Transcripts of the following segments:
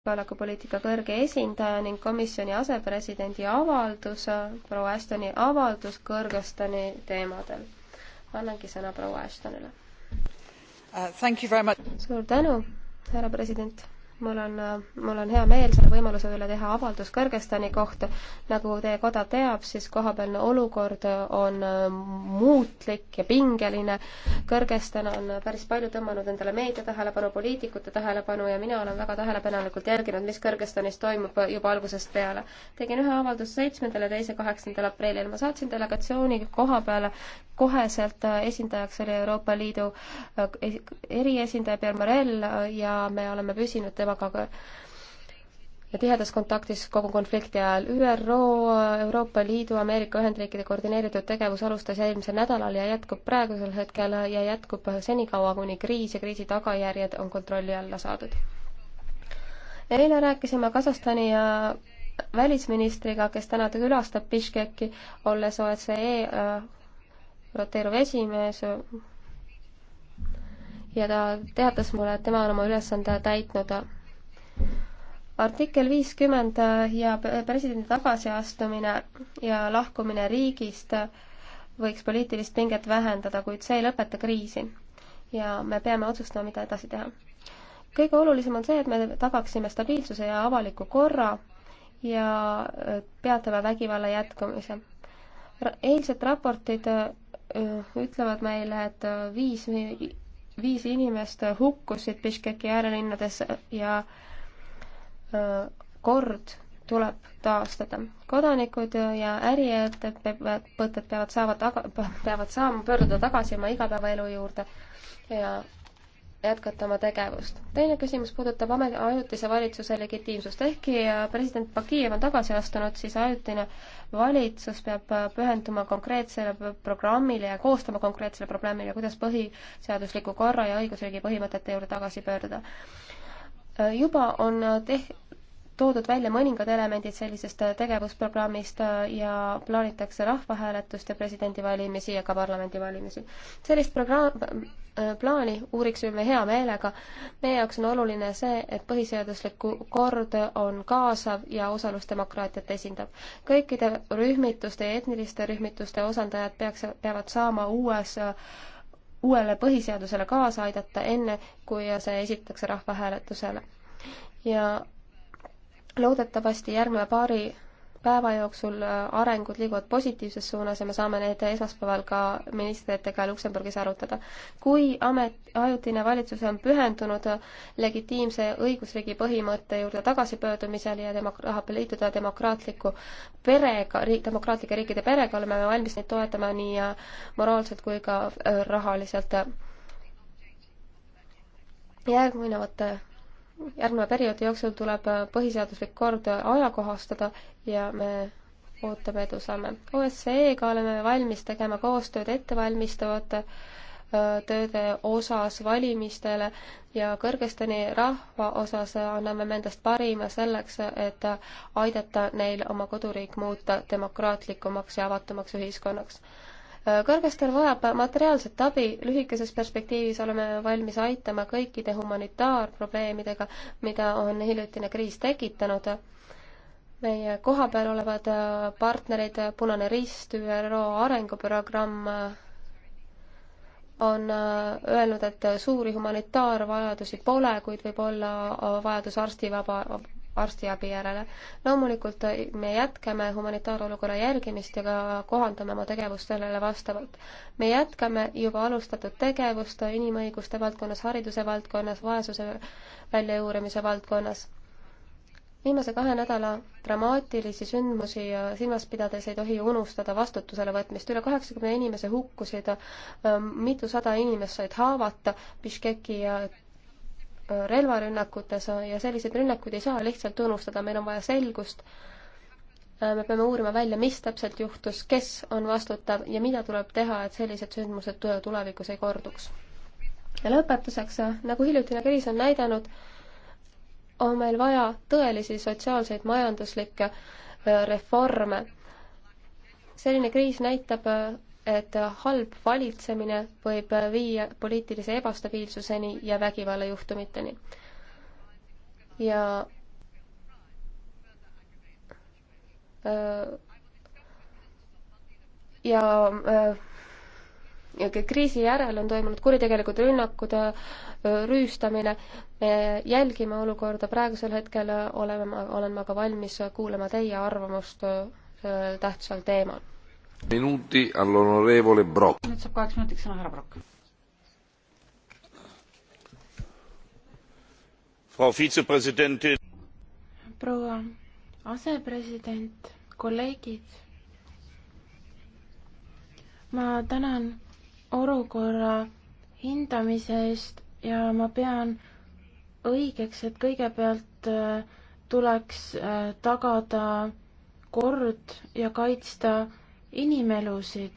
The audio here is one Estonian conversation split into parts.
julgeolekupoliitika kõrge esindaja ning komisjoni asepresidendi avaldus, proua Ashtoni avaldus Kõrgõzstani teemadel. annangi sõna proua Ashtonile uh,. suur tänu, härra president mul on, äh, mul on hea meel selle võimaluse üle teha avaldus Kõrgõzstani kohta. nagu teie koda teab, siis kohapealne olukord on äh, muutlik ja pingeline. Kõrgõzstan on päris palju tõmmanud endale meedia tähelepanu, poliitikute tähelepanu ja mina olen väga tähelepanelikult jälginud, mis Kõrgõzstanis toimub juba algusest peale. tegin ühe avalduse seitsmendal ja teise kaheksandal aprillil. ma saatsin delegatsiooni koha peale koheselt äh, esindajaks oli Euroopa Liidu äh, eriesindaja Pierre Morel äh, ja me oleme püsinud temaga ka ja tihedas kontaktis kogu konflikti ajal. ÜRO, Euroopa Liidu, Ameerika Ühendriikide koordineeritud tegevus alustas eelmisel nädalal ja jätkub praegusel hetkel ja jätkub senikaua, kuni kriis ja kriisi tagajärjed on kontrolli alla saadud. eile rääkisime Kasahstani ja välisministriga, kes täna külastab Biškeki, olles OECD roteeruv esimees ja ta teatas mulle, et tema on oma ülesande täitnud. artikkel viiskümmend ja presidendi tagasiastumine ja lahkumine riigist võiks poliitilist pinget vähendada, kuid see ei lõpeta kriisi. ja me peame otsustama, mida edasi teha. kõige olulisem on see, et me tagaksime stabiilsuse ja avaliku korra ja peatame vägivalla jätkumise eilsed raportid äh, ütlevad meile, et äh, viis, viis inimest hukkusid Biškeki äärelinnades ja äh, kord tuleb taastada. kodanikud ja äriettevõtted peavad saama taga, peavad saama pöörduda tagasi oma igapäevaelu juurde ja jätkata oma tegevust. teine küsimus puudutab ajutise valitsuse legitiimsust. ehkki äh, president Bakijev on tagasi astunud, siis ajutine valitsus peab äh, pühenduma konkreetsele programmile ja koostama konkreetsele probleemile, kuidas põhiseadusliku korra ja õigusriigi põhimõtete juurde tagasi pöörduda. Äh, juba on teh-, toodud välja mõningad elemendid sellisest äh, tegevusprogrammist äh, ja plaanitakse rahvahääletust ja presidendivalimisi ja ka parlamendivalimisi. sellist programm, äh, plaani uuriksime hea meelega. meie jaoks on oluline see, et põhiseaduslik kord on kaasav ja osalusdemokraatiat esindab. kõikide rühmituste ja etniliste rühmituste osandajad peaks, peavad saama uues uuele põhiseadusele kaasa aidata, enne kui see esitakse rahvahääletusele. ja loodetavasti järgneva paari päeva jooksul äh, arengud liiguvad positiivses suunas ja me saame need esmaspäeval ka ministritega Luksemburgis arutada. kui amet, ajutine valitsus on pühendunud äh, legitiimse õigusriigi põhimõtte juurde tagasipöördumisel ja demok-, tahab liituda demokraatliku perega, riik, demokraatlike riikide perega, oleme me valmis neid toetama nii äh, moraalselt kui ka rahaliselt. järgnevate järgneva perioodi jooksul tuleb äh, põhiseaduslik kord ajakohastada ja me ootame edusamme. OSCE-ga oleme valmis tegema koostööd ettevalmistavate äh, tööde osas valimistele ja Kõrgõzstani rahva osas anname me endast parima selleks, et aidata neil oma koduriik muuta demokraatlikumaks ja avatumaks ühiskonnaks. Kõrgõzstan vajab materiaalset abi, lühikeses perspektiivis oleme valmis aitama kõikide humanitaarprobleemidega, mida on hiljutine kriis tekitanud. meie kohapeal olevad partnerid, Punane Rist, ÜRO arenguprogramm, on öelnud, et suuri humanitaarvajadusi pole, kuid võib olla vajadus arstivaba, arstiabi järele. loomulikult eh, me jätkame humanitaarolukorra jälgimist ja ka kohandame oma tegevust sellele vastavalt. me jätkame juba alustatud tegevust inimõiguste valdkonnas, hariduse valdkonnas, vaesuse väljajuurimise valdkonnas viimase kahe nädala dramaatilisi sündmusi eh, silmas pidades ei tohi unustada vastutusele võtmist. üle kaheksakümne inimese hukkusid, eh, mitusada inimest said haavata Biškeki ja relvarünnakutes ja selliseid rünnakuid ei saa lihtsalt unustada, meil on vaja selgust. me peame uurima välja, mis täpselt juhtus, kes on vastutav ja mida tuleb teha, et sellised sündmused tulevikus ei korduks. ja lõpetuseks, nagu hiljutine kriis on näidanud, on meil vaja tõelisi sotsiaalseid majanduslikke äh, reforme. selline kriis näitab äh, et halb valitsemine võib viia poliitilise ebastabiilsuseni ja vägivallajuhtumiteni. ja äh, äh, ja kriisi järel on toimunud kuritegelikud rünnakud, äh, rüüstamine, me jälgime olukorda, praegusel hetkel oleme, olen ma ka valmis kuulama teie arvamust sellel tähtsal teemal minuti all'onorevole Brock. nüüd saab kaheks minutiks sõna härra Brock. proua asepresident, kolleegid. ma tänan olukorra hindamise eest ja ma pean õigeks, et kõigepealt äh, tuleks äh, tagada kord ja kaitsta inimelusid.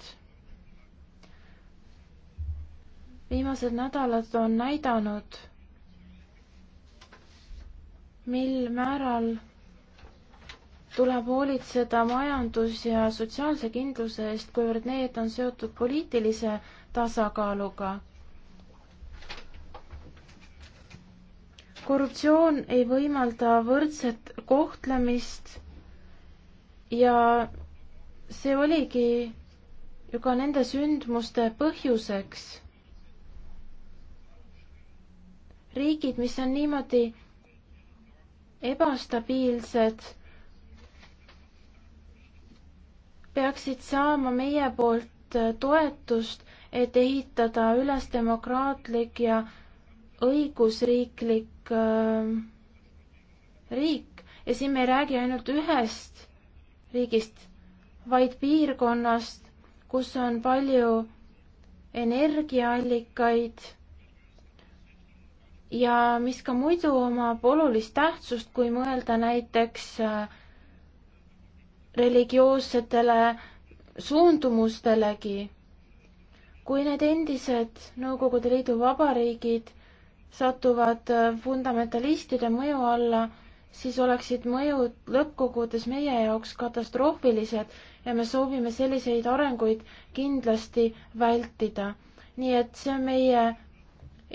viimased nädalad on näidanud, mil määral tuleb hoolitseda majandus- ja sotsiaalse kindluse eest, kuivõrd need on seotud poliitilise tasakaaluga. korruptsioon ei võimalda võrdset kohtlemist ja see oligi ju ka nende sündmuste põhjuseks. riigid, mis on niimoodi ebastabiilsed, peaksid saama meie poolt toetust, et ehitada üles demokraatlik ja õigusriiklik äh, riik ja siin me ei räägi ainult ühest riigist vaid piirkonnast, kus on palju energiaallikaid ja mis ka muidu omab olulist tähtsust, kui mõelda näiteks äh, religioossetele suundumustelegi. kui need endised Nõukogude Liidu vabariigid satuvad äh, fundamentalistide mõju alla, siis oleksid mõjud lõppkokkuvõttes meie jaoks katastroofilised ja me soovime selliseid arenguid kindlasti vältida. nii et see on meie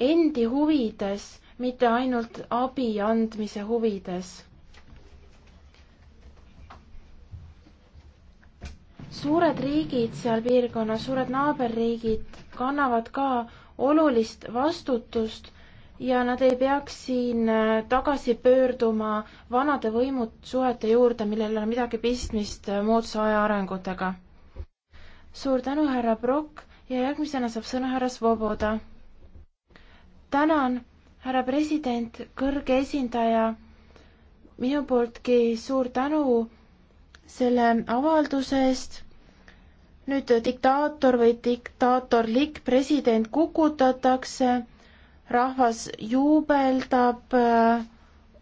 endi huvides, mitte ainult abi andmise huvides. suured riigid seal piirkonnas, suured naaberriigid kannavad ka olulist vastutust ja nad ei peaks siin äh, tagasi pöörduma vanade võimusuhete juurde, millel ei ole midagi pistmist äh, moodsa aja arengutega. suur tänu, härra Brock ja järgmisena saab sõna härra Svoboda. tänan, härra president, kõrge esindaja, minu pooltki suur tänu selle avalduse eest nüüd diktaator või diktaatorlik president kukutatakse rahvas juubeldab,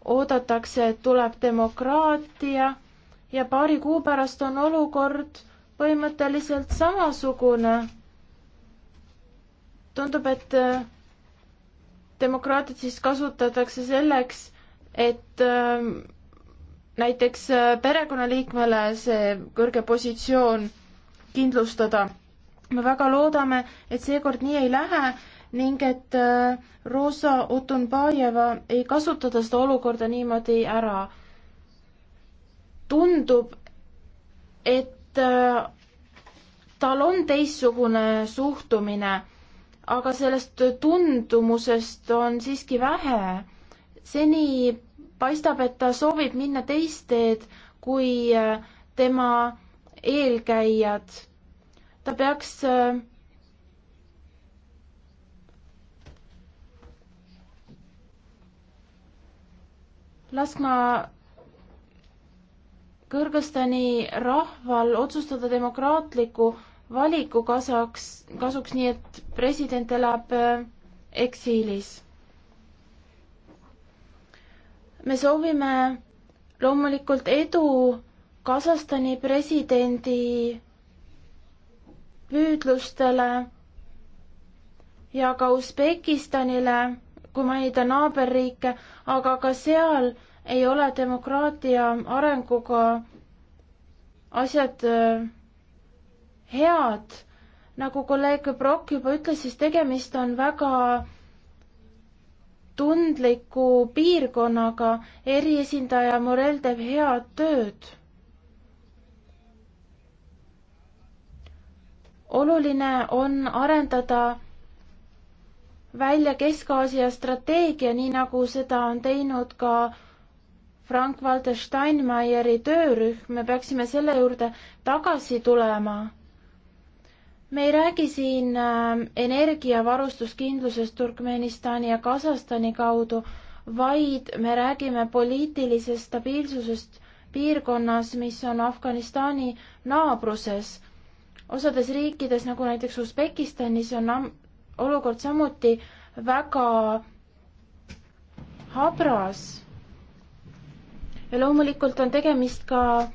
oodatakse, et tuleb demokraatia ja paari kuu pärast on olukord põhimõtteliselt samasugune. tundub, et äh, demokraatiat siis kasutatakse selleks, et äh, näiteks äh, perekonnaliikmele see kõrge positsioon kindlustada. me väga loodame, et seekord nii ei lähe ning et äh, Rosa Otunbajeva ei kasutada seda olukorda niimoodi ära. tundub, et äh, tal on teistsugune suhtumine, aga sellest tundumusest on siiski vähe. seni paistab, et ta soovib minna teist teed kui äh, tema eelkäijad. ta peaks äh, las ma Kõrgõzstani rahval otsustada demokraatliku valiku kasaks, kasuks, nii et president elab äh, eksiilis. me soovime loomulikult edu Kasahstani presidendi püüdlustele ja ka Usbekistanile kui mainida naaberriike, aga ka seal ei ole demokraatia arenguga asjad äh, head. nagu kolleeg Brock juba ütles, siis tegemist on väga tundliku piirkonnaga, eriesindaja Morel teeb head tööd. oluline on arendada välja Kesk-Aasia strateegia, nii nagu seda on teinud ka Frank-Walter Steinmeieri töörühm, me peaksime selle juurde tagasi tulema. me ei räägi siin ähm, energiavarustuskindlusest Turkmenistani ja Kasahstani kaudu, vaid me räägime poliitilisest stabiilsusest piirkonnas, mis on Afganistani naabruses. osades riikides, nagu näiteks Usbekistanis, on olukord samuti väga habras. ja loomulikult on tegemist ka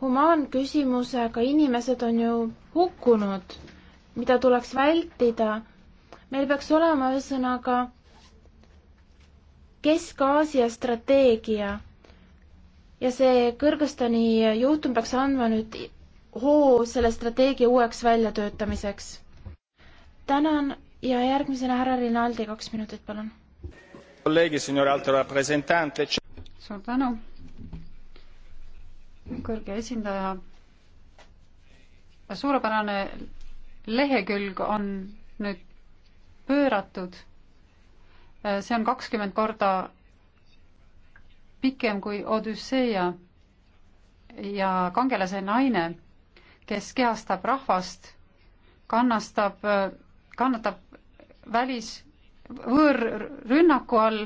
humaanküsimusega, inimesed on ju hukkunud, mida tuleks vältida. meil peaks olema ühesõnaga Kesk-Aasia strateegia ja see Kõrgõzstani juhtum peaks andma nüüd hoo selle strateegia uueks väljatöötamiseks tänan ja järgmisena härra Rinaldi, kaks minutit, palun. suur tänu, kõrge esindaja. suurepärane lehekülg on nüüd pööratud. see on kakskümmend korda pikem kui Odüsseia ja kangelase naine, kes kehastab rahvast, kannastab kannatab välis võõrrünnaku all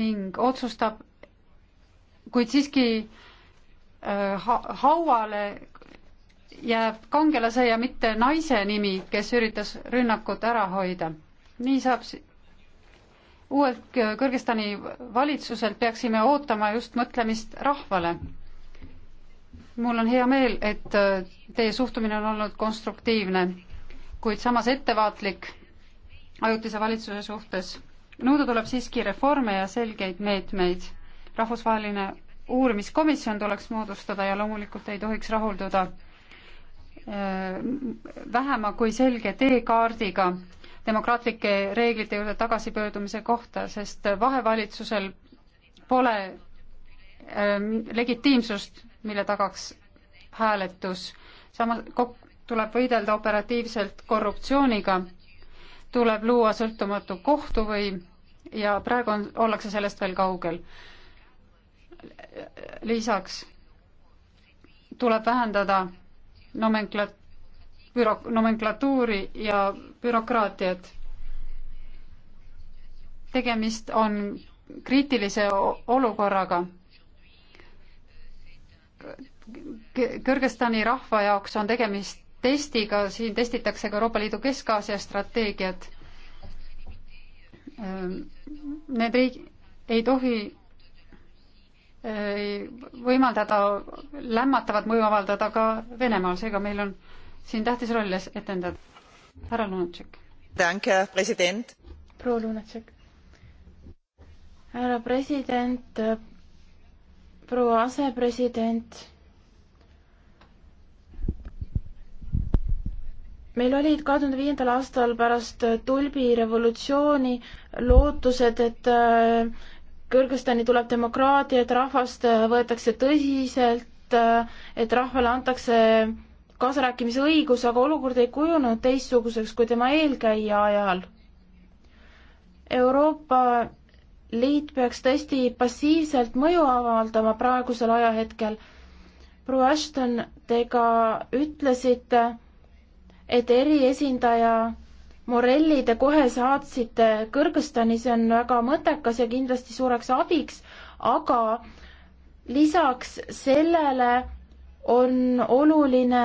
ning otsustab, kuid siiski äh, ha hauale jääb kangelase ja mitte naise nimi, kes üritas rünnakut ära hoida. nii saab uuelt äh, Kõrgõzstani valitsuselt peaksime ootama just mõtlemist rahvale. mul on hea meel, et äh, teie suhtumine on olnud konstruktiivne kuid samas ettevaatlik ajutise valitsuse suhtes. nõuda tuleb siiski reforme ja selgeid meetmeid. rahvusvaheline uurimiskomisjon tuleks moodustada ja loomulikult ei tohiks rahulduda äh, vähema kui selge teekaardiga demokraatlike reeglite juurde tagasipöördumise kohta, sest vahevalitsusel pole äh, legitiimsust, mille tagaks hääletus. samas kok-, tuleb võidelda operatiivselt korruptsiooniga, tuleb luua sõltumatu kohtuvõim ja praegu on, ollakse sellest veel kaugel. lisaks tuleb vähendada nomenklat-, büro-, nomenklatuuri ja bürokraatiat. tegemist on kriitilise olukorraga. Kõrgõzstani rahva jaoks on tegemist testiga, siin testitakse ka Euroopa Liidu Kesk-Aasia strateegiat. Need riik-, ei tohi võimaldada lämmatavat mõju avaldada ka Venemaal, seega meil on siin tähtis roll etendada. härra Lunatšek. proua Lunatšek. härra president, proua asepresident meil olid kahe tuhande viiendal aastal pärast äh, tulbirevolutsiooni lootused, et äh, Kõrgõzstani tuleb demokraatia, et rahvast äh, võetakse tõsiselt, et rahvale antakse kaasarääkimisõigus, aga olukord ei kujunenud teistsuguseks kui tema eelkäija ajal. Euroopa Liit peaks tõesti passiivselt mõju avaldama praegusel ajahetkel. proua Ashton, te ka ütlesite, et eriesindaja Morelli te kohe saatsite Kõrgõzstani, see on väga mõttekas ja kindlasti suureks abiks, aga lisaks sellele on oluline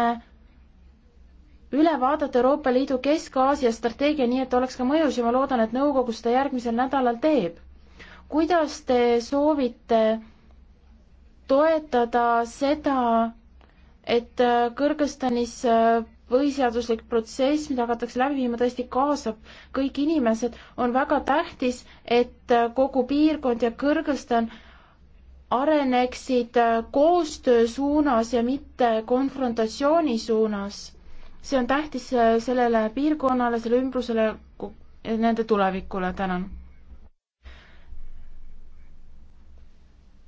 üle vaadata Euroopa Liidu Kesk-Aasia strateegia nii, et oleks ka mõjus ja ma loodan, et nõukogu seda järgmisel nädalal teeb. kuidas te soovite toetada seda, et Kõrgõzstanis põhiseaduslik protsess, mida hakatakse läbi viima, tõesti kaasab kõik inimesed, on väga tähtis, et äh, kogu piirkond ja Kõrgõzstan areneksid äh, koostöö suunas ja mitte konfrontatsiooni suunas. see on tähtis äh, sellele piirkonnale, selle ümbrusele, nende tulevikule, tänan.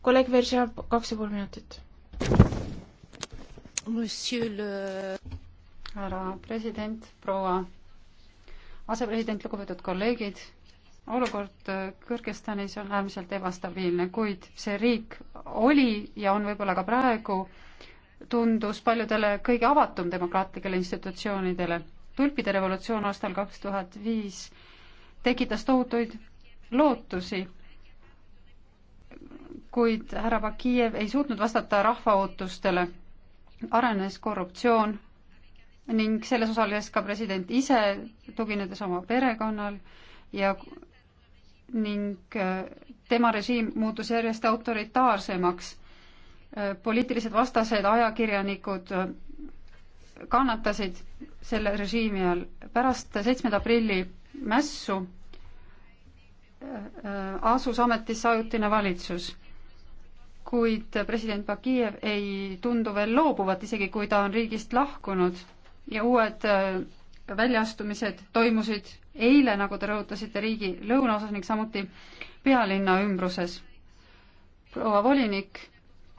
kolleeg Veržev, kaks ja pool minutit. Monsieur le härra president, proua asepresident, lugupeetud kolleegid, olukord Kõrgõzstanis on äärmiselt ebastabiilne, kuid see riik oli ja on võib-olla ka praegu, tundus paljudele kõige avatum demokraatlikele institutsioonidele. tulpide revolutsioon aastal kaks tuhat viis tekitas tohutuid lootusi, kuid härra Bakijev ei suutnud vastata rahva ootustele. arenes korruptsioon, ning selles osales ka president ise, tuginedes oma perekonnal ja ning äh, tema režiim muutus järjest autoritaarsemaks. Äh, poliitilised vastased, ajakirjanikud äh, kannatasid selle režiimi all. pärast seitsmenda aprilli mässu asus ametisse ajutine valitsus, kuid president Bakijev ei tundu veel loobuvat, isegi kui ta on riigist lahkunud ja uued äh, väljaastumised toimusid eile, nagu te rõhutasite, riigi lõunaosas ning samuti pealinna ümbruses. proua volinik,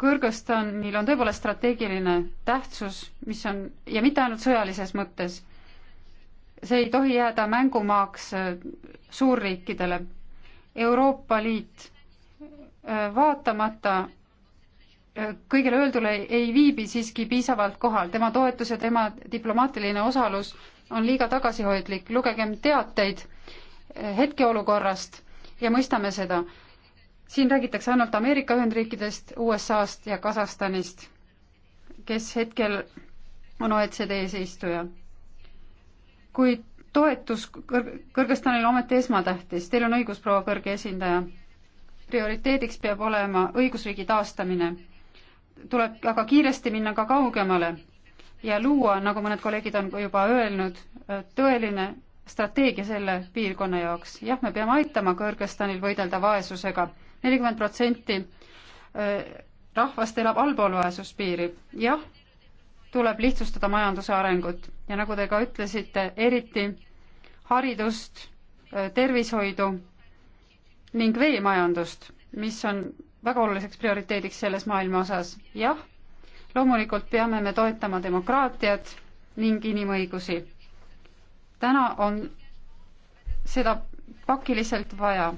Kõrgõzstanil on tõepoolest strateegiline tähtsus, mis on, ja mitte ainult sõjalises mõttes, see ei tohi jääda mängumaaks äh, suurriikidele. Euroopa Liit äh, vaatamata kõigele öeldule ei viibi siiski piisavalt kohal. tema toetus ja tema diplomaatiline osalus on liiga tagasihoidlik. lugegem teateid hetkeolukorrast ja mõistame seda. siin räägitakse ainult Ameerika Ühendriikidest, USA-st ja Kasahstanist, kes hetkel on OECD eesistuja. kuid toetus kõr-, Kõrgõzstanile ometi esmatähtis. Teil on õigus, proua kõrge esindaja. prioriteediks peab olema õigusriigi taastamine tuleb aga kiiresti minna ka kaugemale ja luua, nagu mõned kolleegid on juba öelnud, tõeline strateegia selle piirkonna jaoks. jah, me peame aitama Kõrgõzstanil võidelda vaesusega. nelikümmend protsenti rahvast elab allpool vaesuspiiri. jah, tuleb lihtsustada majanduse arengut ja nagu te ka ütlesite, eriti haridust, tervishoidu ning veemajandust, mis on väga oluliseks prioriteediks selles maailma osas. jah, loomulikult peame me toetama demokraatiat ning inimõigusi. täna on seda pakiliselt vaja.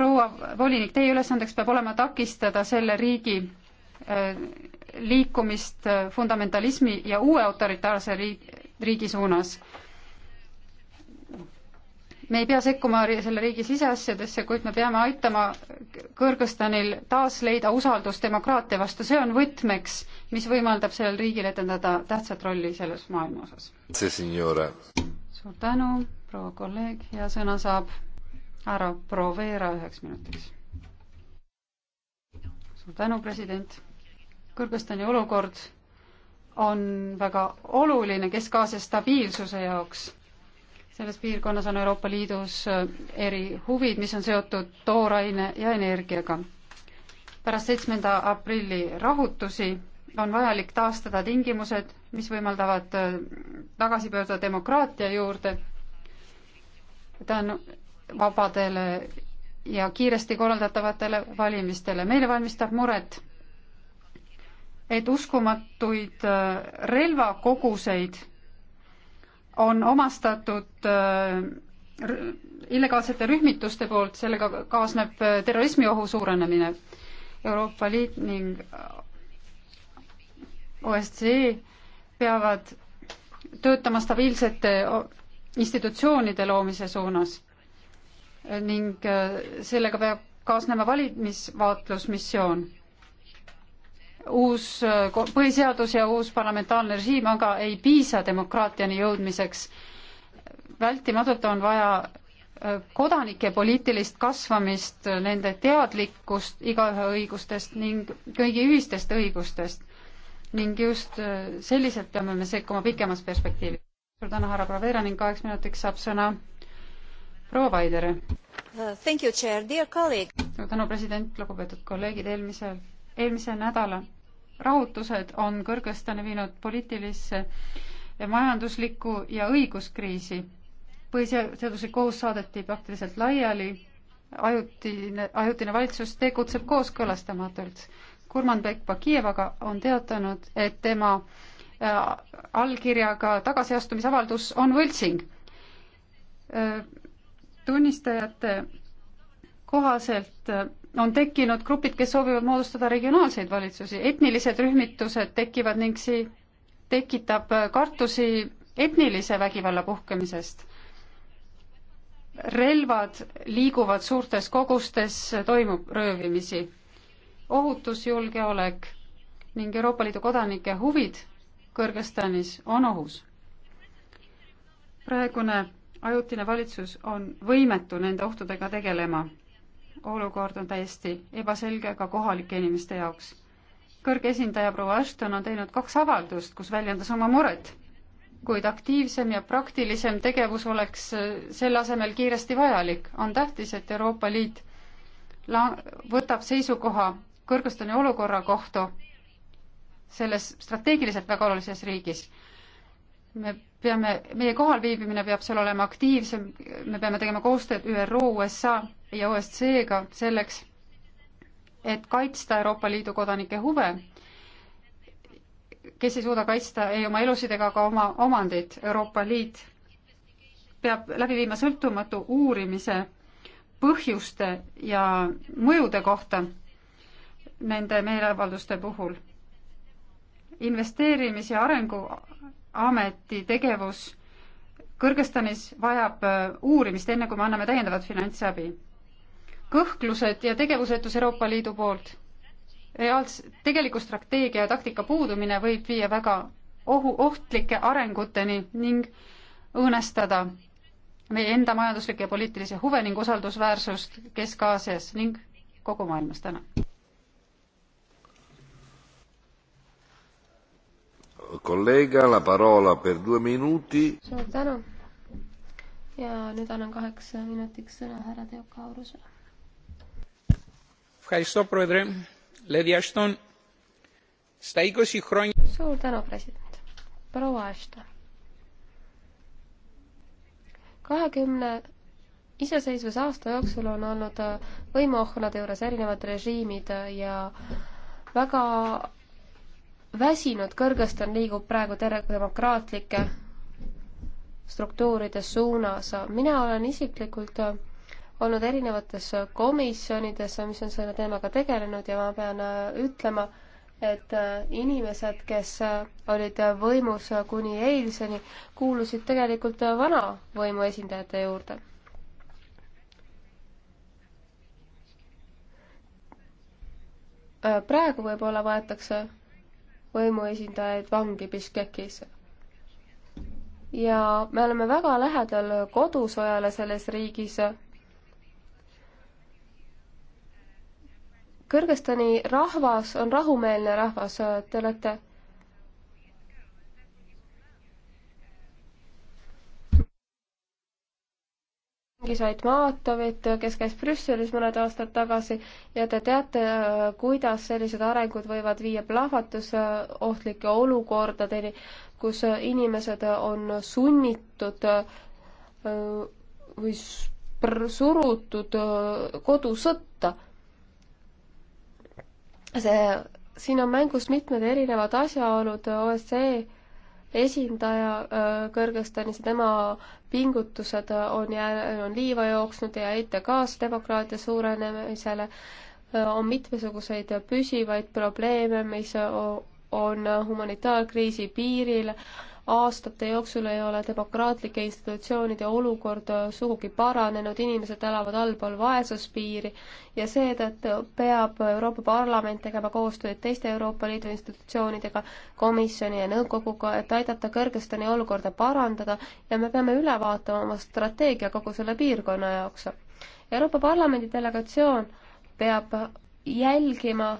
proua volinik, teie ülesandeks peab olema takistada selle riigi äh, liikumist äh, fundamentalismi ja uue autoritaarse riigi suunas me ei pea sekkuma selle riigi siseasjadesse, kuid me peame aitama Kõrgõzstanil taas leida usaldust demokraatia vastu, see on võtmeks, mis võimaldab sellel riigil etendada tähtsat rolli selles maailma osas. suur tänu, proua kolleeg ja sõna saab härra Provera üheks minutiks. suur tänu, president. Kõrgõzstani olukord on väga oluline Kesk-Aasia stabiilsuse jaoks selles piirkonnas on Euroopa Liidus äh, eri huvid, mis on seotud tooraine ja energiaga. pärast seitsmenda aprilli rahutusi on vajalik taastada tingimused, mis võimaldavad äh, tagasi pöörduda demokraatia juurde, tänu vabadele ja kiiresti korraldatavatele valimistele. meile valmistab muret, et uskumatuid äh, relvakoguseid on omastatud äh, illegaalsete rühmituste poolt, sellega kaasneb äh, terrorismiohu suurenemine. Euroopa Liit ning OSCE peavad töötama stabiilsete institutsioonide loomise suunas ning äh, sellega peab kaasnema valimisvaatlusmissioon uus põhiseadus ja uus parlamentaarne režiim aga ei piisa demokraatiani jõudmiseks. vältimatult on vaja äh, kodanike poliitilist kasvamist, nende teadlikkust igaühe õigustest ning kõigi ühistest õigustest. ning just äh, selliselt peame me sekkuma pikemas perspektiivis. suur tänu, härra Provera ning kaheks minutiks saab sõna proua Vaider. Uh, suur tänu, president, lugupeetud kolleegid, eelmisel eelmise nädala rahutused on Kõrgõzstani viinud poliitilisse ja majanduslikku ja õiguskriisi. põhiseaduslik kohus saadeti praktiliselt laiali, ajutine, ajutine valitsus tegutseb kooskõlastamatult. Kurmanbek Bakijevaga on teatanud, et tema äh, allkirjaga tagasiastumisavaldus on võltsing. Äh, tunnistajate kohaselt äh, on tekkinud grupid, kes soovivad moodustada regionaalseid valitsusi, etnilised rühmitused tekivad ning see tekitab kartusi etnilise vägivalla puhkemisest. relvad liiguvad suurtes kogustes, toimub röövimisi. ohutus, julgeolek ning Euroopa Liidu kodanike huvid Kõrgõzstanis on ohus. praegune ajutine valitsus on võimetu nende ohtudega tegelema olukord on täiesti ebaselge ka kohalike inimeste jaoks. kõrge esindaja proua Ashton on teinud kaks avaldust, kus väljendas oma muret, kuid aktiivsem ja praktilisem tegevus oleks äh, selle asemel kiiresti vajalik. on tähtis, et Euroopa Liit la-, võtab seisukoha Kõrgõzstani olukorra kohta selles strateegiliselt väga olulises riigis. me peame, meie kohalviibimine peab seal olema aktiivsem, me peame tegema koostööd ÜRO, USA ja OSCE-ga selleks, et kaitsta Euroopa Liidu kodanike huve, kes ei suuda kaitsta ei oma elusid ega ka oma omandit. Euroopa Liit peab läbi viima sõltumatu uurimise põhjuste ja mõjude kohta nende meeleavalduste puhul. investeerimis- ja Arenguameti tegevus Kõrgõzstanis vajab äh, uurimist, enne kui me anname täiendavat finantsabi kõhklused ja tegevusetus Euroopa Liidu poolt. reaals-, tegeliku strateegia ja taktika puudumine võib viia väga ohu, ohtlike arenguteni ning õõnestada meie enda majanduslikke ja poliitilisi huve ning usaldusväärsust Kesk-Aasias ning kogu maailmas täna. kolleega, la parola per due minuti. suur tänu. ja nüüd annan kaheks minutiks sõna härra Teo Kaurusele Ευχαριστώ, Πρόεδρε. Λέδη Αστόν, στα 20 χρόνια... Suur tänu, president. Proua Ashton. kahekümne 20 iseseisvuse aasta jooksul on olnud äh, võimuohnade juures erinevad režiimid äh, ja väga väsinud Kõrgõzstan liigub praegu demokraatlike struktuuride suunas. mina olen isiklikult äh, olnud erinevates komisjonides, mis on selle teemaga tegelenud ja ma pean äh, ütlema, et äh, inimesed, kes äh, olid võimus kuni eilseni, kuulusid tegelikult vana võimu esindajate juurde. praegu võib-olla võetakse võimu esindajaid vangi Biškekis. ja me oleme väga lähedal kodusõjale selles riigis Kõrgõzstani rahvas on rahumeelne rahvas, te olete mängis Aitmatovit, kes käis Brüsselis mõned aastad tagasi ja te teate, kuidas sellised arengud võivad viia plahvatusohtlike olukordadeni, kus inimesed on sunnitud äh, või surutud äh, kodusõtta see, siin on mängus mitmed erinevad asjaolud, OSCE esindaja Kõrgõzstanis ja tema pingutused on jää-, on liiva jooksnud ja heita kaasa demokraatia suurenemisele, on mitmesuguseid püsivaid probleeme, mis on humanitaarkriisi piiril, aastate jooksul ei ole demokraatlike institutsioonide olukord sugugi paranenud, inimesed elavad allpool vaesuspiiri ja seetõttu peab Euroopa Parlament tegema koostööd teiste Euroopa Liidu institutsioonidega, komisjoni ja nõukoguga, et aidata Kõrgõzstani olukorda parandada ja me peame üle vaatama oma strateegia kogu selle piirkonna jaoks. Euroopa Parlamendi delegatsioon peab jälgima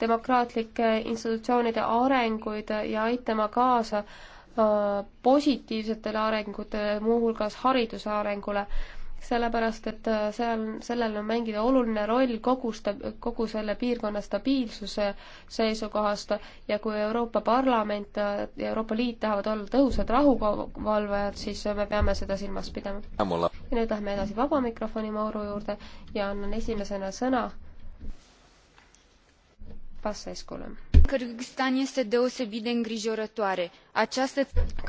demokraatlike institutsioonide arenguid ja aitama kaasa äh, positiivsetele arengutele, muuhulgas hariduse arengule, sellepärast et äh, seal, sellel on mängida oluline roll kogu sta-, kogu selle piirkonna stabiilsuse seisukohast ja kui Euroopa Parlament äh, ja Euroopa Liit tahavad olla tõhusad rahuvalvajad, siis me peame seda silmas pidama. ja nüüd lähme edasi vaba mikrofoni vooru juurde ja annan esimesena sõna Basescule. Kyrgyzstan este deosebit de îngrijorătoare. Această...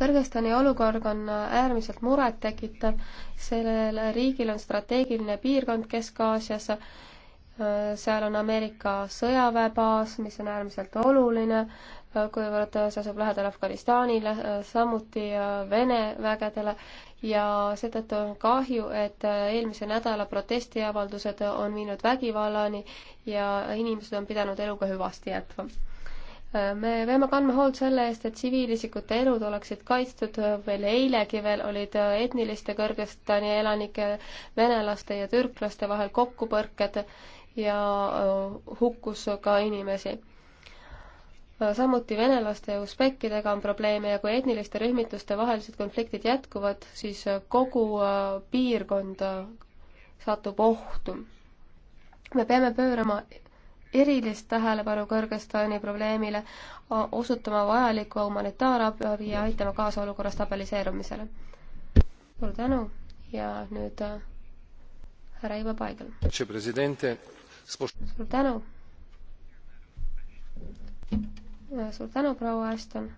Kõrgõzstani olukord on äärmiselt murettekitav. Sellel riigil on strateegiline piirkond Kesk-Aasias. Äh, seal on Ameerika sõjaväebaas, mis on äärmiselt oluline Äh, kuivõrd äh, see asub lähedal Afganistanile, äh, samuti Vene vägedele ja seetõttu on kahju, et eelmise nädala protestiavaldused on viinud vägivallani ja inimesed on pidanud eluga hüvasti jätma. me peame kandma hoolt selle eest, et tsiviilisikute elud oleksid kaitstud, veel eilegi veel olid etniliste Kõrgõzstani elanike, venelaste ja türklaste vahel kokkupõrked ja hukkus ka inimesi samuti venelaste ja usbekkidega on probleeme ja kui etniliste rühmituste vahelised konfliktid jätkuvad, siis kogu äh, piirkond äh, satub ohtu. me peame pöörama erilist tähelepanu Kõrgõzstani probleemile, osutama vajalikku humanitaarabi ja aitama kaasa olukorra stabiliseerumisele. suur tänu ja nüüd äh, härra Ivo Paigel. suur tänu suur tänu, proua Ashton.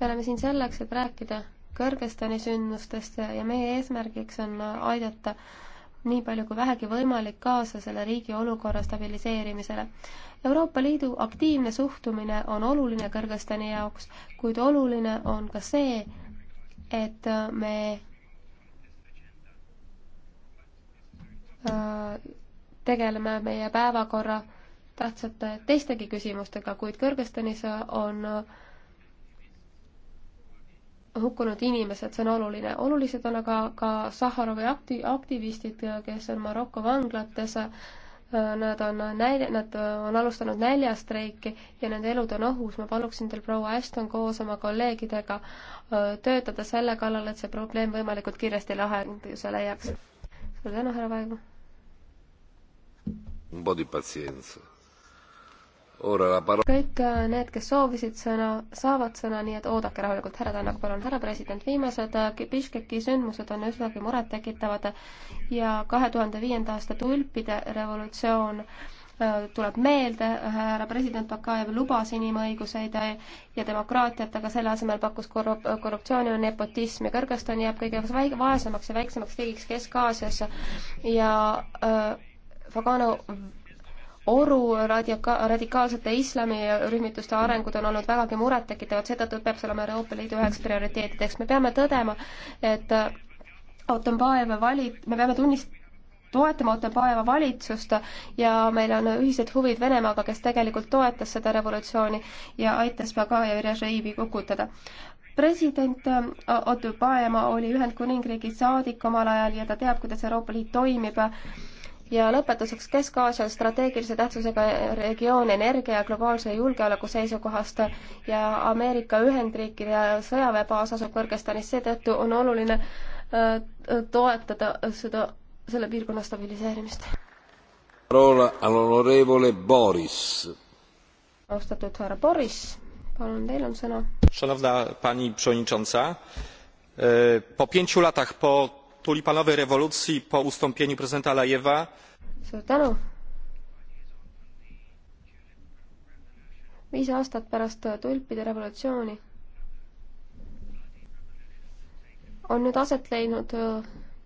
me oleme siin selleks, et rääkida Kõrgõzstani sündmustest ja meie eesmärgiks on aidata nii palju kui vähegi võimalik kaasa selle riigi olukorra stabiliseerimisele. Euroopa Liidu aktiivne suhtumine on oluline Kõrgõzstani jaoks, kuid oluline on ka see, et me äh, tegeleme meie päevakorra tähtsate teistegi küsimustega, kuid Kõrgõzstanis on hukkunud inimesed, see on oluline. olulised on aga ka Sahharovi akti-, aktivistid, kes on Maroko vanglates. Nad on nälja, nad on alustanud näljastreiki ja nende elud on ohus. ma paluksin teil, proua Ashton, koos oma kolleegidega töötada selle kallal, et see probleem võimalikult kiiresti lahenduse leiaks. suur tänu, härra Vaegu! un po' di pazienza kõik äh, need, kes soovisid sõna, saavad sõna, nii et oodake rahulikult, härra Tannak, palun, härra president, viimased äh, Biškeki sündmused on üsnagi murettekitavad ja kahe tuhande viienda aasta tulpide revolutsioon äh, tuleb meelde, härra president Bakajev lubas inimõiguseid ja demokraatiat, aga selle asemel pakkus korrup-, korruptsiooni ja nepotismi. Kõrgõzstan jääb kõige väik-, vaesemaks ja väiksemaks riigiks Kesk-Aasias ja äh, Fagano oru radika-, radikaalsete islamirühmituste arengud on olnud vägagi murettekitavad, seetõttu peab see olema Euroopa Liidu üheks prioriteetideks. me peame tõdema, et Otombaeva valib, me peame tunnist-, toetama Otombaeva valitsust ja meil on ühised huvid Venemaaga, kes tegelikult toetas seda revolutsiooni ja aitas Bagaja režiimi kukutada. president Otombaeva oli Ühendkuningriigi saadik omal ajal ja ta teab, kuidas Euroopa Liit toimib ja lõpetuseks Kesk-Aasia strateegilise tähtsusega regioon energia ja globaalse julgeoleku seisukohast ja Ameerika Ühendriikide sõjaväebaas asub Kõrgõzstanis, seetõttu on oluline äh, toetada seda, selle piirkonna stabiliseerimist. austatud härra Boris, palun, teil on sõna. Szanowna pani przewodnicząca, e, po pięciu latach po tulipanowej rewolucji po ustąpieniu prezydenta Alajewa. suur tänu. viis aastat pärast tulpide revolutsiooni on nüüd aset leidnud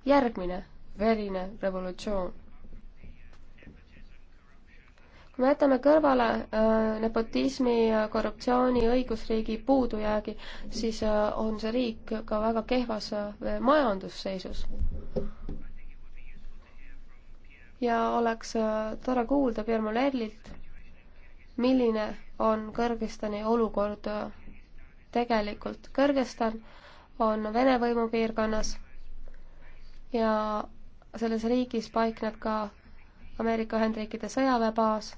järgmine verine revolutsioon me jätame kõrvale äh, nepotismi ja korruptsiooni õigusriigi puudujäägi, siis äh, on see riik ka väga kehvas äh, majandusseisus. ja oleks tore kuulda Pierre Molerilt, milline on Kõrgõzstani olukord tegelikult. Kõrgõzstan on Vene võimupiirkonnas ja selles riigis paikneb ka Ameerika Ühendriikide sõjaväebaas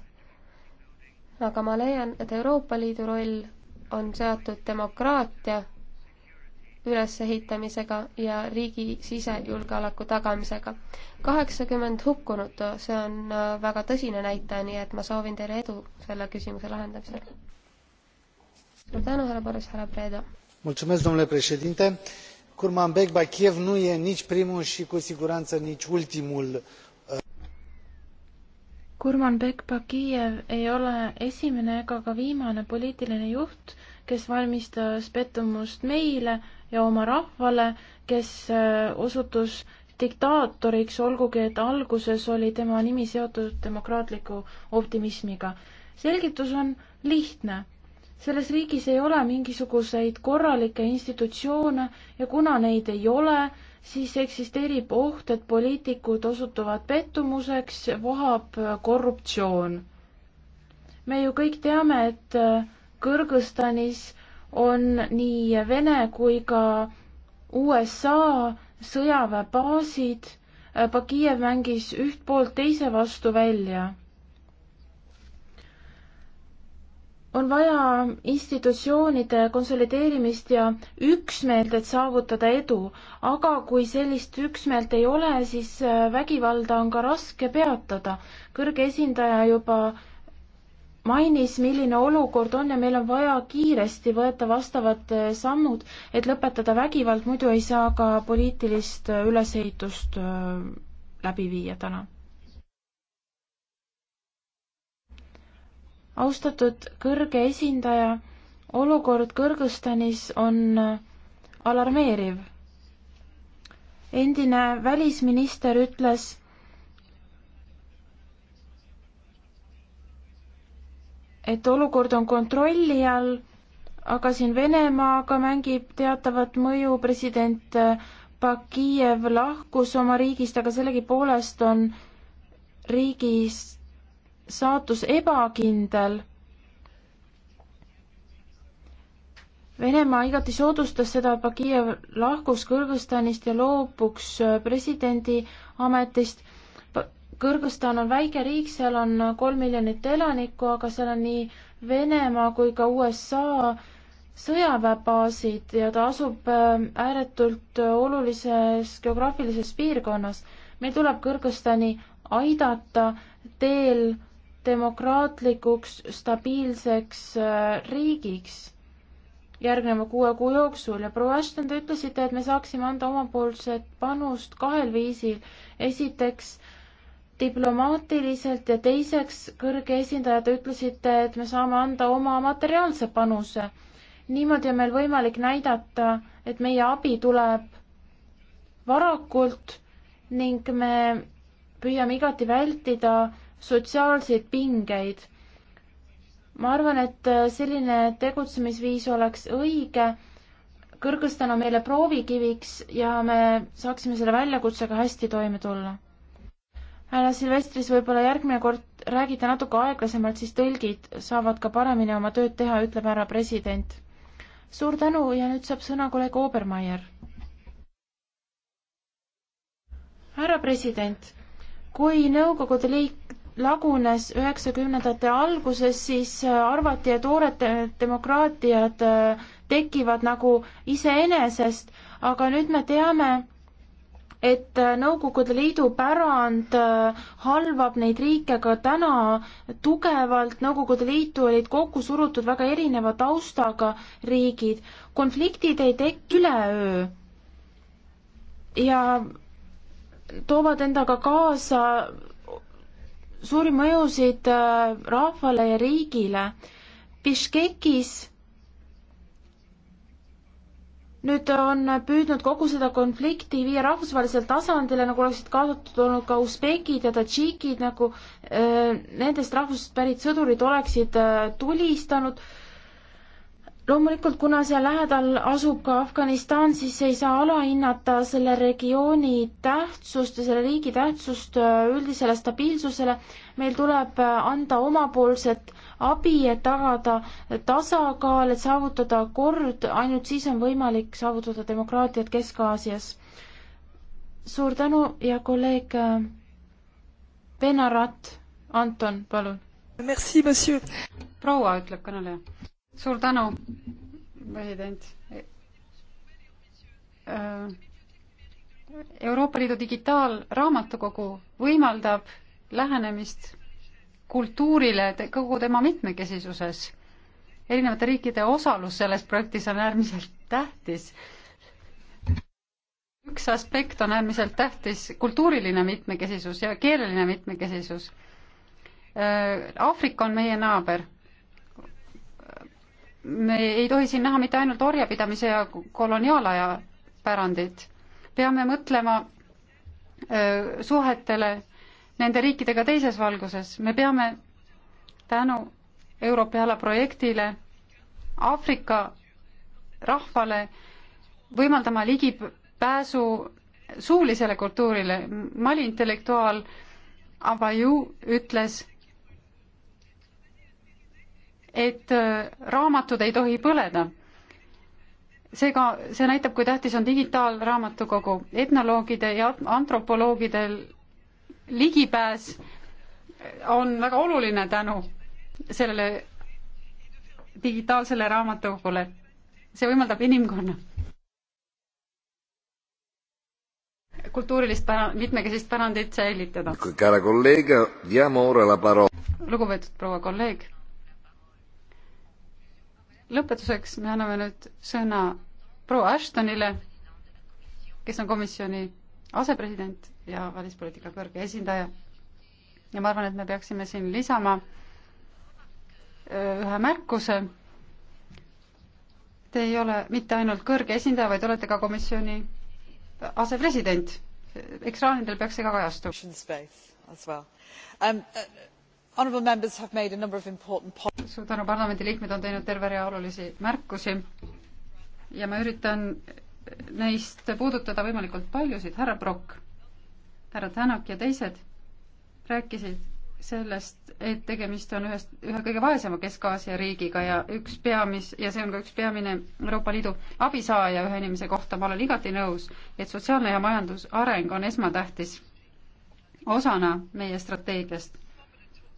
aga ma leian, et Euroopa Liidu roll on seotud demokraatia ülesehitamisega ja riigi sisejulgeoleku tagamisega. kaheksakümmend hukkunut, see on äh, väga tõsine näitaja, nii et ma soovin teile edu selle küsimuse lahendamisel. suur tänu, härra Boris, härra Preeda! domnule președinte, Kurmanbek Bakiev nu e nici primul și cu siguranță nici ultimul Kurman Bekpakijev ei ole esimene ega ka viimane poliitiline juht, kes valmistas pettumust meile ja oma rahvale, kes äh, osutus diktaatoriks, olgugi et alguses oli tema nimi seotud demokraatliku optimismiga. selgitus on lihtne. selles riigis ei ole mingisuguseid korralikke institutsioone ja kuna neid ei ole, siis eksisteerib oht, et poliitikud osutuvad pettumuseks, vohab korruptsioon. me ju kõik teame, et äh, Kõrgõzstanis on nii Vene kui ka USA sõjaväebaasid, äh, Bakijev mängis üht poolt teise vastu välja on vaja institutsioonide konsolideerimist ja üksmeelt, et saavutada edu, aga kui sellist üksmeelt ei ole, siis äh, vägivalda on ka raske peatada. kõrge esindaja juba mainis, milline olukord on ja meil on vaja kiiresti võtta vastavad äh, sammud, et lõpetada vägivald, muidu ei saa ka poliitilist äh, ülesehitust läbi viia täna austatud kõrge esindaja, olukord Kõrgõzstanis on alarmeeriv. endine välisminister ütles, et olukord on kontrolli all, aga siin Venemaaga mängib teatavat mõju president Bakijev lahkus oma riigist, aga sellegipoolest on riigis saatus ebakindel. Venemaa igati soodustas seda, et Bakijev lahkus Kõrgõzstanist ja loobuks äh, presidendi ametist. Kõrgõzstan on väike riik, seal on äh, kolm miljonit elanikku, aga seal on nii Venemaa kui ka USA sõjaväebaasid ja ta asub äh, ääretult olulises geograafilises piirkonnas. meil tuleb Kõrgõzstani aidata teel demokraatlikuks stabiilseks äh, riigiks järgneva kuue kuu jooksul ja proua Ashton, te ütlesite, et me saaksime anda omapoolset panust kahel viisil. esiteks diplomaatiliselt ja teiseks kõrge esindaja, te ütlesite, et me saame anda oma materiaalse panuse. niimoodi on meil võimalik näidata, et meie abi tuleb varakult ning me püüame igati vältida sotsiaalseid pingeid. ma arvan, et äh, selline tegutsemisviis oleks õige. Kõrgõzstan on meile proovikiviks ja me saaksime selle väljakutsega hästi toime tulla. härra Silvestris, võib-olla järgmine kord räägite natuke aeglasemalt, siis tõlgid saavad ka paremini oma tööd teha, ütleb härra president. suur tänu ja nüüd saab sõna kolleeg Obermeier. härra president, kui Nõukogude Liit lagunes üheksakümnendate alguses, siis äh, arvati, et oored demokraatiad äh, tekivad nagu iseenesest, aga nüüd me teame, et äh, Nõukogude Liidu pärand halvab neid riike ka täna tugevalt, Nõukogude Liitu olid kokku surutud väga erineva taustaga riigid, konfliktid ei teki üleöö ja toovad endaga kaasa suuri mõjusid äh, rahvale ja riigile. Biškekis nüüd on püüdnud kogu seda konflikti viia rahvusvahelisele tasandile, nagu oleksid kaasatud olnud ka usbekid ja tadžiikid, nagu öö, äh, nendest rahvusest pärit sõdurid oleksid öö, äh, tulistanud loomulikult, kuna seal lähedal asub ka Afganistan, siis ei saa alahinnata selle regiooni tähtsust ja selle riigi tähtsust äh, üldisele stabiilsusele. meil tuleb äh, anda omapoolset abi, et tagada tasakaal, et saavutada kord, ainult siis on võimalik saavutada demokraatiat Kesk-Aasias. suur tänu ja kolleeg Venarat, äh, Anton, palun. proua, ütleb kõneleja suur tänu, president. Äh, Euroopa Liidu digitaalraamatukogu võimaldab lähenemist kultuurile kogu tema mitmekesisuses. erinevate riikide osalus selles projektis on äärmiselt tähtis üks aspekt on äärmiselt tähtis, kultuuriline mitmekesisus ja keeleline mitmekesisus. Äh, Aafrika on meie naaber me ei tohi siin näha mitte ainult orjapidamise ja koloniaalaja pärandit. peame mõtlema öö, suhetele nende riikidega teises valguses. me peame tänu Europeala projektile Aafrika rahvale võimaldama ligipääsu suulisele kultuurile. Mali intellektuaal Abajou ütles, et äh, raamatud ei tohi põleda. seega see näitab, kui tähtis on digitaalraamatukogu. etnoloogide ja antropoloogidel ligipääs on väga oluline tänu sellele digitaalsele raamatukogule. see võimaldab inimkonna kultuurilist pära-, mitmekesist pärandit säilitada. lugupeetud proua kolleeg lõpetuseks me anname nüüd sõna proua Ashtonile, kes on komisjoni asepresident ja välispoliitika kõrge esindaja. ja ma arvan, et me peaksime siin lisama ühe märkuse. Te ei ole mitte ainult kõrge esindaja, vaid olete ka komisjoni asepresident. ekraanidel peaks see ka kajastuma suur tänu, parlamendiliikmed on teinud terve rea olulisi märkusi ja ma üritan neist puudutada võimalikult paljusid. härra Brock, härra Tänak ja teised rääkisid sellest, et tegemist on ühest, ühe kõige vaesema Kesk-Aasia riigiga ja üks peamis, ja see on ka üks peamine Euroopa Liidu abisaaja ühe inimese kohta, ma olen igati nõus, et sotsiaalne ja majandusareng on esmatähtis osana meie strateegiast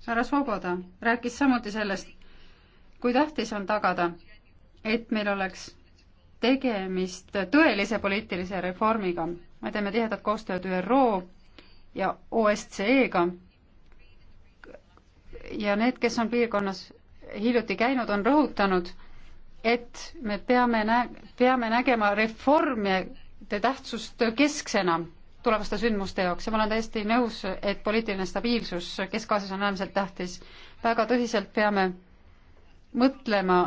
härra Svoboda rääkis samuti sellest, kui tähtis on tagada, et meil oleks tegemist tõelise poliitilise reformiga. me teeme tihedat koostööd ÜRO ja OSCE-ga ja need, kes on piirkonnas hiljuti käinud, on rõhutanud, et me peame nä-, peame nägema reformide tähtsust kesksena tulevaste sündmuste jaoks ja ma olen täiesti nõus, et poliitiline stabiilsus Kesk-Aasias on äärmiselt tähtis. väga tõsiselt peame mõtlema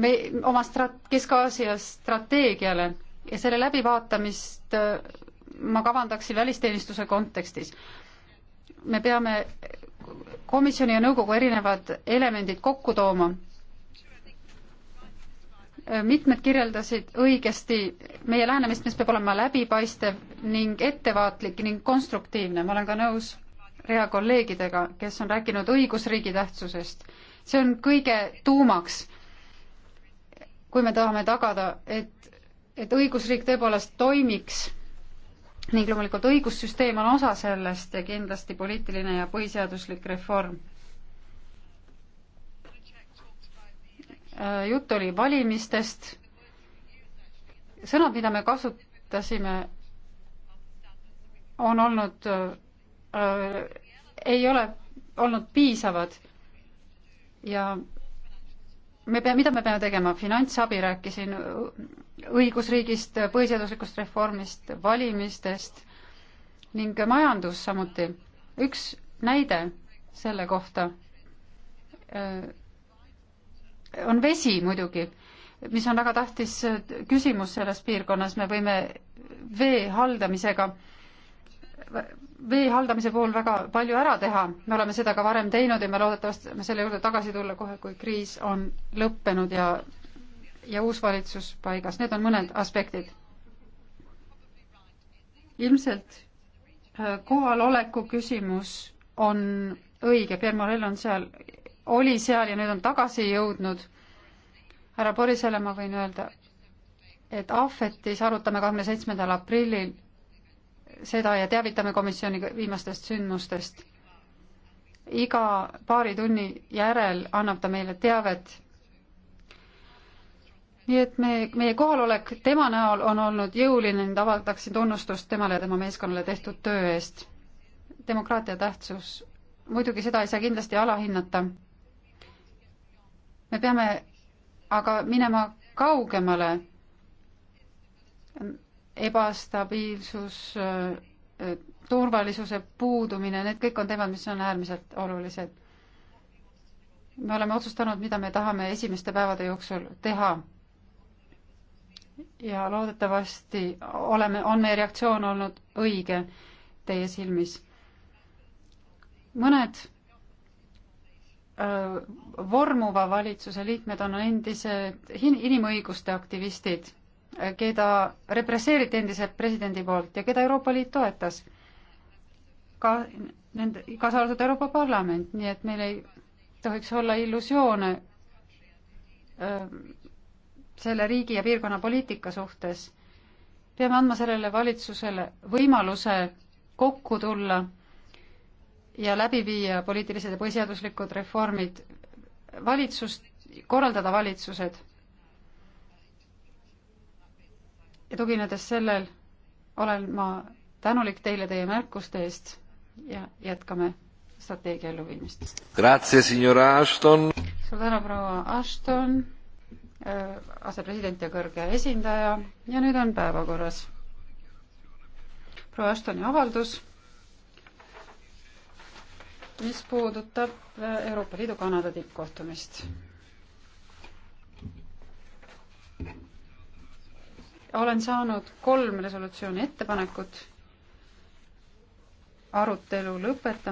me, oma strat-, Kesk-Aasia strateegiale ja selle läbivaatamist äh, ma kavandaksin välisteenistuse kontekstis. me peame komisjoni ja nõukogu erinevad elemendid kokku tooma mitmed kirjeldasid õigesti meie lähenemist, mis peab olema läbipaistev ning ettevaatlik ning konstruktiivne. ma olen ka nõus rea kolleegidega, kes on rääkinud õigusriigi tähtsusest. see on kõige tuumaks, kui me tahame tagada, et, et õigusriik tõepoolest toimiks ning loomulikult õigussüsteem on osa sellest ja kindlasti poliitiline ja põhiseaduslik reform jutt oli valimistest. sõnad, mida me kasutasime, on olnud äh,, ei ole olnud piisavad ja me pea, mida me peame tegema, finantsabi rääkisin õigusriigist, põhiseaduslikust reformist, valimistest ning majandus samuti. üks näide selle kohta äh, on vesi muidugi, mis on väga tähtis küsimus selles piirkonnas, me võime vee haldamisega, vee haldamise puhul väga palju ära teha, me oleme seda ka varem teinud ja me loodetavasti saame selle juurde tagasi tulla kohe, kui kriis on lõppenud ja, ja uus valitsus paigas, need on mõned aspektid. ilmselt äh, kohaloleku küsimus on õige, Pierre Morel on seal oli seal ja nüüd on tagasi jõudnud. härra Borisele ma võin öelda, et ahvetis arutame kahekümne seitsmendal aprillil seda ja teavitame komisjoni viimastest sündmustest. iga paari tunni järel annab ta meile teavet. nii et me, meie kohalolek tema näol on olnud jõuline ning avaldaksin tunnustust temale ja tema meeskonnale tehtud töö eest. demokraatia tähtsus, muidugi seda ei saa kindlasti alahinnata me peame aga minema kaugemale. ebastabiilsus, äh, turvalisuse puudumine, need kõik on teemad, mis on äärmiselt olulised. me oleme otsustanud, mida me tahame esimeste päevade jooksul teha. ja loodetavasti oleme, on meie reaktsioon olnud õige teie silmis. mõned Äh, vormuva valitsuse liikmed on endised inimõiguste aktivistid, äh, keda represseeriti endise presidendi poolt ja keda Euroopa Liit toetas. ka nende, kaasa arvatud Euroopa Parlament, nii et meil ei tohiks olla illusioone äh, selle riigi ja piirkonna poliitika suhtes. peame andma sellele valitsusele võimaluse kokku tulla ja läbi viia poliitilised ja põhiseaduslikud reformid, valitsust, korraldada valitsused. ja tuginedes sellel, olen ma tänulik teile teie märkuste eest ja jätkame strateegia elluviimist. suur tänu, proua Ashton, äh, asepresident ja kõrge esindaja ja nüüd on päevakorras proua Ashtoni avaldus mis puudutab äh, Euroopa Liidu Kanada tippkohtumist. olen saanud kolm resolutsiooni ettepanekut arutelu lõpetamiseks.